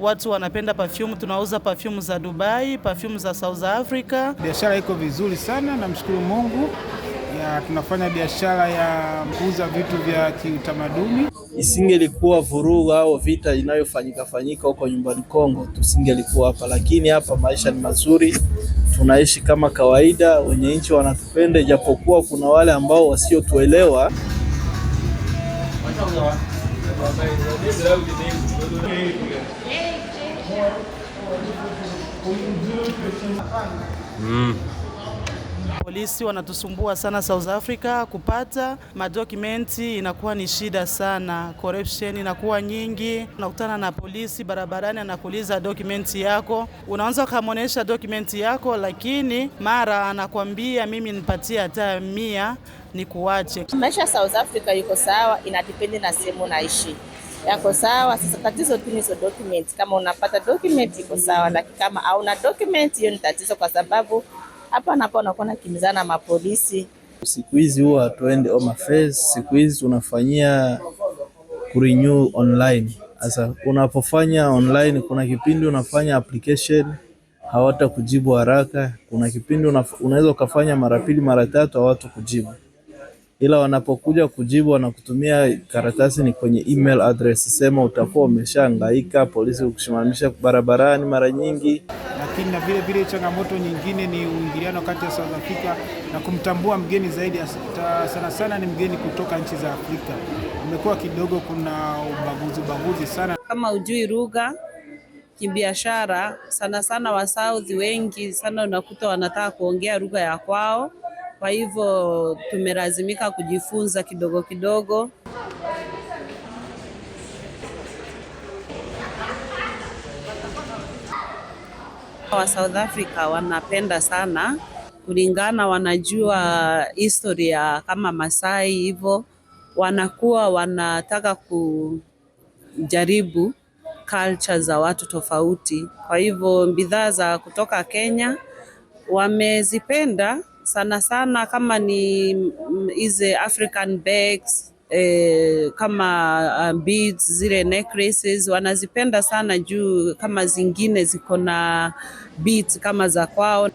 watu wanapenda perfume, tunauza perfume za Dubai, perfume za South Africa. Biashara iko vizuri sana, namshukuru Mungu ya tunafanya biashara ya kuuza vitu vya kiutamaduni. Isingelikuwa vurugu au vita inayofanyika fanyika huko nyumbani Kongo, tusingelikuwa hapa, lakini hapa maisha ni mazuri, tunaishi kama kawaida, wenye nchi wanatupenda, ijapokuwa kuna wale ambao wasiotuelewa. Hum. Polisi wanatusumbua sana South Africa, kupata madokumenti inakuwa ni shida sana, corruption inakuwa nyingi. Unakutana na polisi barabarani, anakuuliza dokumenti yako, unaanza ukamwonyesha dokumenti yako, lakini mara anakwambia mimi nipatie hata mia ni kuwache. Maisha ya South Africa yuko sawa, inadipende na sehemu naishi yako sawa. Sasa tatizo tu ni hizo document. Kama unapata document iko sawa, lakini kama hauna document, hiyo ni tatizo, kwa sababu hapa na hapa unakuwa nakimbizana na mapolisi. Siku hizi huwa hatuendi home affairs, siku hizi tunafanyia kurenew online. Sasa unapofanya online, kuna kipindi unafanya application hawata kujibu haraka, kuna kipindi unaweza ukafanya mara pili mara tatu hawatu kujibu, ila wanapokuja kujibu wanakutumia karatasi, ni kwenye email address. Sema utakuwa umeshangaika polisi ukushimamisha barabarani mara nyingi lakini na vile vile changamoto nyingine ni uingiliano kati ya South Africa na kumtambua mgeni zaidi, sana sana ni mgeni kutoka nchi za Afrika. Imekuwa kidogo kuna ubaguzi ubaguzi sana, kama ujui lugha kibiashara, sana sana South wengi sana unakuta wanataka kuongea lugha ya kwao, kwa hivyo tumelazimika kujifunza kidogo kidogo. Wa South Africa wanapenda sana kulingana, wanajua historia kama Masai hivyo, wanakuwa wanataka kujaribu culture za watu tofauti. Kwa hivyo bidhaa za kutoka Kenya wamezipenda sana sana, kama ni hizi African bags E, kama uh, beads zile necklaces wanazipenda sana juu kama zingine ziko na beads kama za kwao.